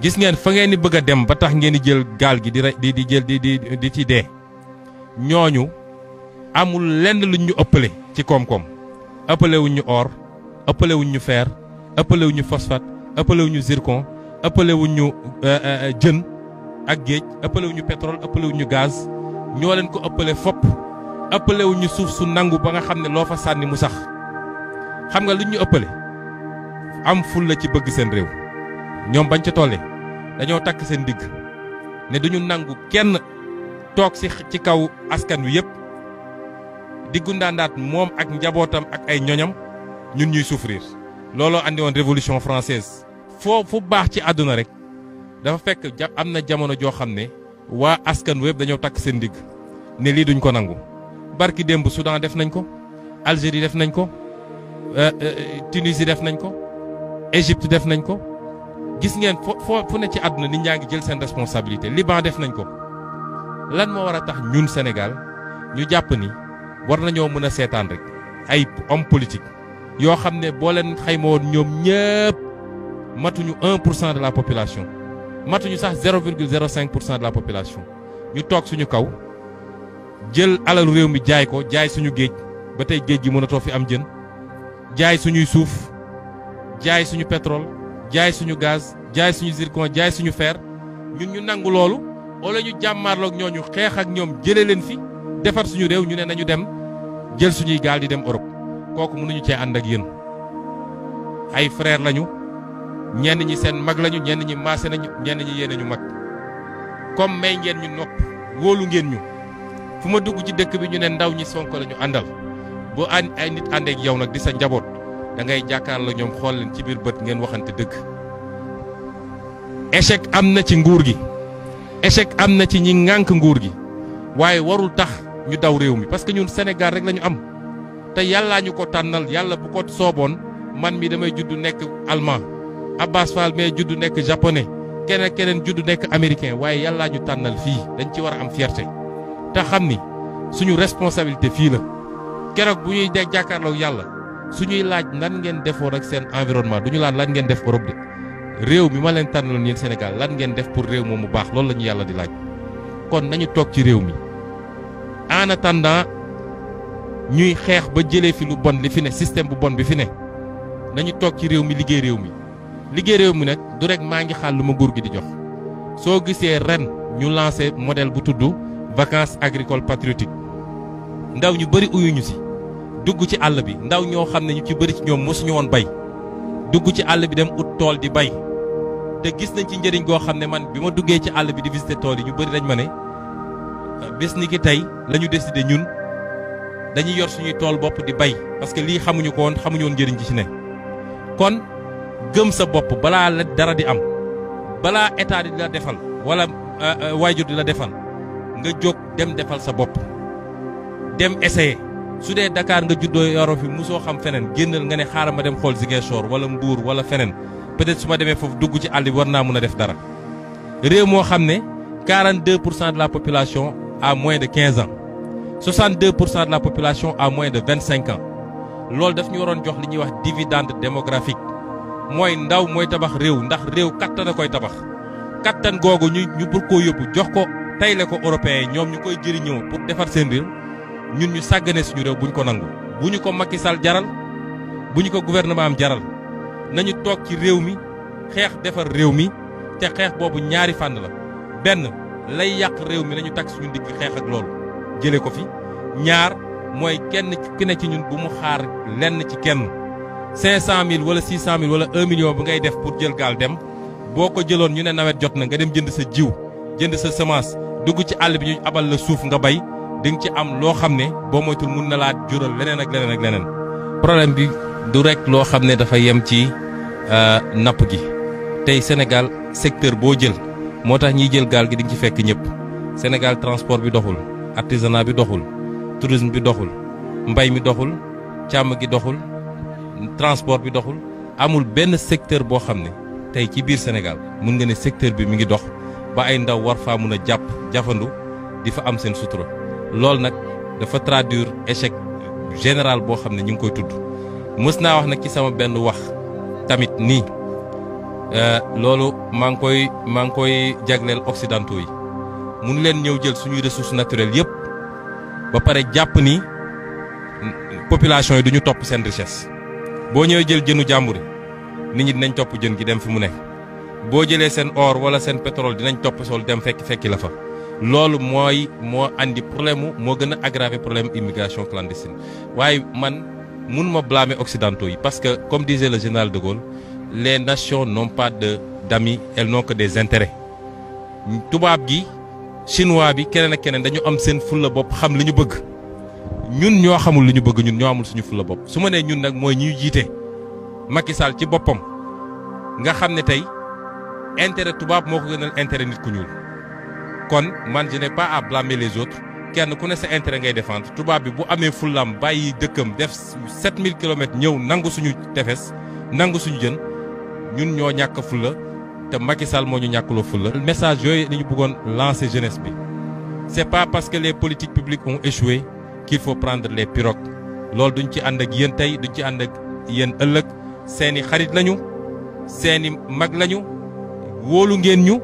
gis ngeen fa ngeen di bëgg dem ba tax ngeen di jël gal gi di di di jël di di di ci dé ñooñu amul lenn luñ ñu ëppalé ci kom kom ëppalé wuñ ñu or ëppalé wuñ ñu fer ëppalé wuñ ñu phosphate ëppalé wuñ ñu zircon ëppalé wuñ ñu euh, euh, jën ak geej ëppalé wuñ ñu pétrole ëppalé wuñ ñu gaz ñoo leen ko ëppalé fop ëppalé wuñ ñu suuf su nangu ba nga xamné lo fa sanni mu sax xam nga luñ ñu ëppalé am ful la ci bëgg seen réew ñom bañ ci tollé dañoo takk seen digg ne duñu nangu kenn toog ci kaw askan wi yëpp diggu ndaandaat moom ak njabootam ak ay ñoñam ñun ñuy souffrir. looloo andi woon révolution française foo fu baax ci àdduna rek dafa fekk ja am na jamono joo xam ne waa askan wépp dañoo takk seen digg ne lii duñ ko nangu barki démb Soudan def nañ ko Algérie def nañ ko euh, euh, Tunisie def nañ ko Égypte def nañ ko gis ngeen fo foo fu ne ci àdduna nit ñaa ngi jël seen responsabilité Liban def nañ ko lan moo war a tax ñun senegal ñu jàpp ni war nañoo mën a seetaan rek ay homme politique yoo xam ne booleen leen xayma woon ñoom ñëpp matuñu pour cent de la population matuñu sax 0,05 pour cent de la population ñu toog suñu kaw jël alalu réew mi jaay ko jaay suñu géej ba tey géej gi mënatoo fi am jën jaay suñuy suuf jaay suñu pétrole. jaay suñu gaz jaay suñu zircon jaay suñu feer ñun ñu nangu loolu wala ñu jàmmaarloog ñu xeex ak ñoom jëlee leen fi defar suñu réew ñu ne nañu dem jël suñuy gaal di dem Europe kooku mënuñu cee ànd ak yéen ay frère lañu ñenn ñi seen mag lañu ñenn ñi maase nañu ñenn ñi yéen ñu mag comme may ngeen ñu nopp wóolu ngeen ñu fu ma dugg ci dëkk bi ñu ne ndaw ñi sonk lañu àndal bu an ay nit àndeek yow nag di sa njaboot. da ngay jàkkaar ñoom xool leen ci biir bët ngeen waxante dëgg échec am na ci nguur gi échec am na ci ñi ŋànk nguur gi waaye warul tax ñu daw réew mi parce que ñun senegal rek lañu am te yàllaa ñu ko tànnal yàlla bu ko sooboon man mi damay judd nekk allemand Abbas Fall mais judd nekk japone keneen keneen judd nekk américain waaye yàllaa ñu tànnal fii dañ ci war am fierté te xam ni suñu responsabilité fii la keroog bu ñuy jàkkaarloog yàlla. suñuy laaj lan ngeen defoon ak seen environnement du ñu laan lan ngeen def Europe de réew mi ma leen tànnaloon yéen Sénégal lan ngeen def pour réew moom mu baax loolu la ñu yàlla di laaj kon nañu toog ci réew mi en attendant ñuy xeex ba jëlee fi lu bon li fi ne système bu bon bi fi ne nañu toog ci réew mi liggéey réew mi liggéey réew mi nag du rek maa ngi xaal lu ma nguur gi di jox soo gisee ren ñu lancé modèle bu tudd vacances agricole patriotiques ndaw ñu bëri uyuñu si dugg ci àll bi ndaw ñoo xam ne ñu ci bari ci ñoom mosuñu woon bay dugg ci àll bi dem ut tool di bay te gis nañ ci njëriñ goo xam ne man bi ma duggee ci àll bi di visiter tool yi ñu bëri dañ ma ne euh, bés ni ki tey lañu ñu de ñun dañuy yor suñuy tool bopp di bay parce que lii xamuñu ko woon xamuñu njëriñ ci ci ne kon gëm sa bopp balaa la dara di am balaa état di la defal wala euh, euh, waajur di la defal nga jóg dem defal sa bopp dem essayer. su dee Dakar nga juddoo yoroo fi mosoo xam feneen génnal nga ne xaaral ma dem xool Ziguinchor wala Mbour wala feneen peut-être su ma demee foofu dugg ci àll bi war naa mun a def dara réew moo xam ne 42 pour cent de la population a moins de 15 ans 62 pour cent de population a moins de 25 ans loolu daf ñu waroon jox li ñuy wax dividende démographique mooy ndaw mooy tabax réew ndax réew kattan a koy tabax kattan googu ñu ñu pour koo yóbbu jox ko tayle ko européens yi ñoom ñu koy jëriñoo pour defar seen réew. ñun ñu sàggane suñu réew bu ñu ko nangu bu ñu ko Macky Sall jaral bu ñu ko gouvernement am jaral nañu toog ci réew mi xeex defar réew mi te xeex boobu ñaari fànn la benn lay yàq réew mi nañu takk suñu ndigg xeex ak loolu jëlee ko fi ñaar mooy kenn ki ne ci ñun bu mu xaar lenn ci kenn 500000 wala 600000 wala 1 million bu ngay def pour jël gaal dem boo ko jëloon ñu ne nawet jot na nga dem jënd sa jiw jënd sa semence dugg ci àll bi ñu abal la suuf nga bay di ci am loo xam ne boo moytul mun na laa jural leneen ak leneen ak leneen problème bi du rek loo xam ne dafa yem ci euh, napp gi tey Sénégal secteur boo jël moo tax ñiy jël gaal gi di ci fekk ñëpp Sénégal transport bi doxul artisanat bi doxul tourisme bi doxul mbay mi doxul càmm gi doxul transport bi doxul amul benn secteur boo xam ne tey ci biir Sénégal mun nga ne secteur bi mi ngi dox ba ay ndaw war faa mun a jàpp jafandu di fa am seen sutura loolu nag dafa traduire échec général boo xam ne ñu ngi koy tudd mës naa wax nag ci sama benn wax tamit nii euh, loolu maa ngi koy maa ngi koy jagleel occidentaux yi mun leen ñëw jël suñuy ressources naturelles yëpp ba pare jàpp ni population yi duñu topp seen richesse boo ñëwee jël jënu jàmbur nit ñi dinañ topp jën gi dem fi mu nekk boo jëlee seen or wala seen pétrole dinañ topp sol dem fekki fekki la fa loolu moy mo andi problème mo gëna gën aggraver problème immigration clandestine waye man mun ma blâmer occidentaux yi parce que comme disait le général de Gaulle les nations n'ont pas de d'amis elles n'ont que des intérêts tubab gi chinois bi kenen ak keneen dañu am sen fulla bop xam liñu bëgg ñun ño xamul liñu bëgg ñun ño amul suñu fulla bop suma né ñun nak moy ñuy jité Macky Sall ci boppam nga xamné tay intérêt tubab moko gënal intérêt nit ku ñuul kon man je n'ai pas à blâmer les autres kenn ku ne sa intérêt ngay défendre tubaab bi bu amee fulam bàyyi dëkkam def 7000 kilomètres ñëw nangu suñu tefes nangu suñu jën ñun ñoo ñàkk fulla te Macky Sall moo ñu ñàkkuloo message yooyu dañu bëggoon lancer jeunesse bi c'est pas parce que les politiques publiques ont échoué qu'il faut prendre les pirogues loolu duñ ci ànd ak yéen tey duñ ci ànd ak yéen ëllëg seeni xarit lañu seeni mag lañu wóolu ngeen ñu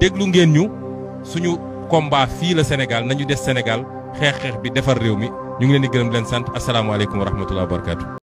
déglu ngeen ñu suñu combat fii la Sénégal nañu des Sénégal xeex xeex bi defar réew mi ñu ngi leen di gërëm leen sant asalaamaaleykum wa rahmatulah wa barakaatu.